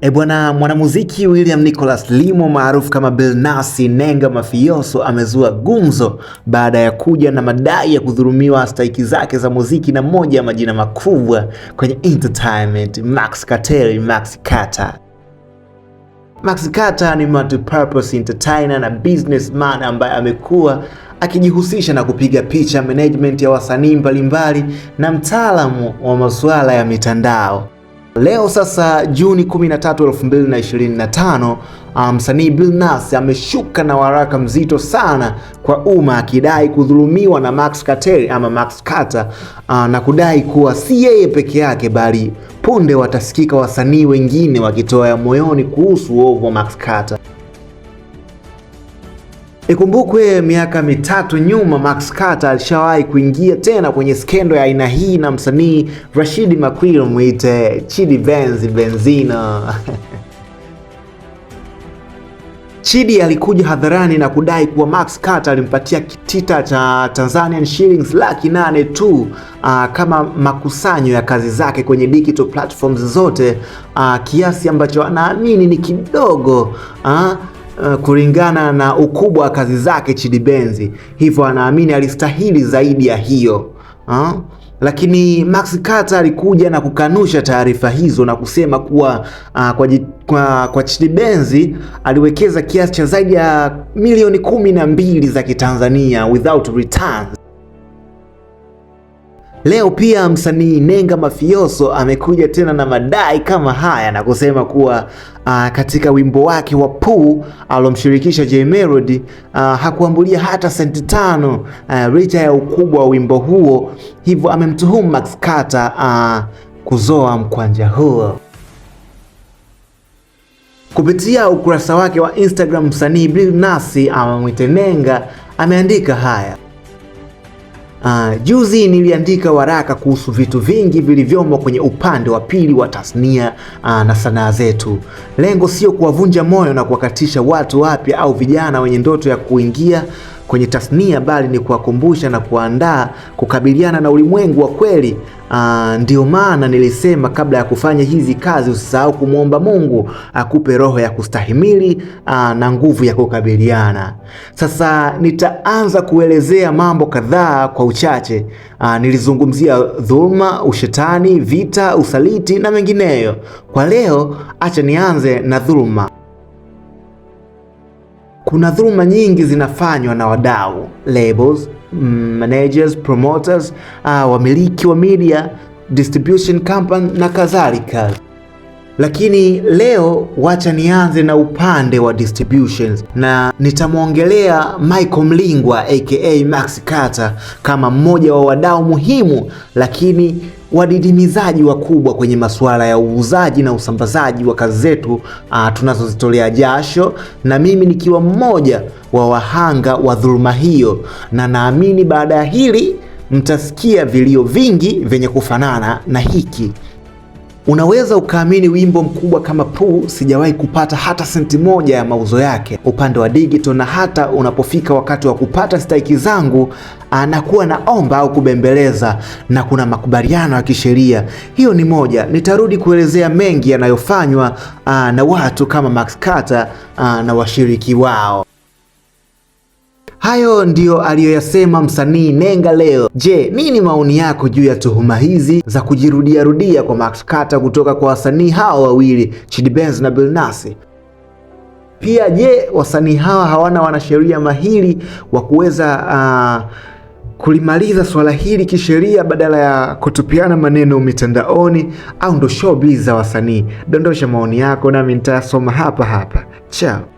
E bwana, mwanamuziki William Nicholas Limo maarufu kama Billnass Nenga Mafioso amezua gumzo baada ya kuja na madai ya kudhulumiwa stahiki zake za muziki na moja ya majina makubwa kwenye entertainment, Max Kateri, Max Kata. Max Kata ni multi-purpose entertainer na businessman ambaye amekuwa akijihusisha na kupiga picha, management ya wasanii mbalimbali na mtaalamu wa masuala ya mitandao. Leo sasa Juni 13, 2025 ah, msanii um, Billnass ameshuka na waraka mzito sana kwa umma akidai kudhulumiwa na Max Kateri ama Max Carter uh, na kudai kuwa si yeye peke yake bali punde watasikika wasanii wengine wakitoa moyoni kuhusu uovu wa Max Carter. Ikumbukwe miaka mitatu nyuma, Max Carter alishawahi kuingia tena kwenye skendo ya aina hii na msanii rashid maquil muite Chidi Benz Benzina. Chidi alikuja hadharani na kudai kuwa Max Carter alimpatia kitita cha Tanzanian shillings laki nane tu uh, kama makusanyo ya kazi zake kwenye digital platforms zote uh, kiasi ambacho anaamini ni kidogo uh, Eh, kulingana na ukubwa wa kazi zake Chidi Benz, hivyo anaamini alistahili zaidi ya hiyo ha? Lakini Max Carter alikuja na kukanusha taarifa hizo na kusema kuwa uh, kwa, kwa, kwa Chidi Benz aliwekeza kiasi cha zaidi ya milioni kumi na mbili za Kitanzania without returns. Leo pia msanii Nenga Mafioso amekuja tena na madai kama haya na kusema kuwa uh, katika wimbo wake wa Puu alomshirikisha Jay Melody uh, hakuambulia hata senti tano uh, licha ya ukubwa wa wimbo huo, hivyo amemtuhumu Max Carter uh, kuzoa mkwanja huo. Kupitia ukurasa wake wa Instagram, msanii Billnass amemwite Nenga ameandika haya. Uh, juzi niliandika waraka kuhusu vitu vingi vilivyomo kwenye upande wa pili wa tasnia uh, na sanaa zetu. Lengo sio kuwavunja moyo na kuwakatisha watu wapya au vijana wenye ndoto ya kuingia kwenye tasnia, bali ni kuwakumbusha na kuandaa kukabiliana na ulimwengu wa kweli. Uh, ndio maana nilisema kabla ya kufanya hizi kazi usisahau kumwomba Mungu akupe roho ya kustahimili aa, ah, na nguvu ya kukabiliana. Sasa nitaanza kuelezea mambo kadhaa kwa uchache. Aa, ah, nilizungumzia dhuluma, ushetani, vita, usaliti na mengineyo. Kwa leo acha nianze na dhuluma kuna dhuluma nyingi zinafanywa na wadau labels, managers, promoters, uh, wamiliki wa media distribution company na kadhalika. Lakini leo wacha nianze na upande wa distributions na nitamwongelea Michael Mlingwa aka Max Carter kama mmoja wa wadau muhimu, lakini wadidimizaji wakubwa kwenye masuala ya uuzaji na usambazaji wa kazi zetu ah, tunazozitolea jasho, na mimi nikiwa mmoja wa wahanga wa dhuluma hiyo, na naamini baada ya hili mtasikia vilio vingi vyenye kufanana na hiki. Unaweza ukaamini wimbo mkubwa kama Poo sijawahi kupata hata senti moja ya mauzo yake upande wa digital, na hata unapofika wakati wa kupata stahiki zangu anakuwa naomba au kubembeleza na kuna makubaliano ya kisheria. Hiyo ni moja, nitarudi kuelezea mengi yanayofanywa na watu kama Max Carter na washiriki wao. Hayo ndiyo aliyoyasema msanii Nenga leo. Je, nini maoni yako juu ya tuhuma hizi za kujirudiarudia kwa Max Carter kutoka kwa wasanii hawa wawili Chidi Benz na Billnass? Pia je, wasanii hawa hawana wanasheria mahiri wa kuweza uh, kulimaliza swala hili kisheria badala ya kutupiana maneno mitandaoni, au ndo showbiz za wasanii? Dondosha maoni yako nami nitayasoma hapa hapa. Chao.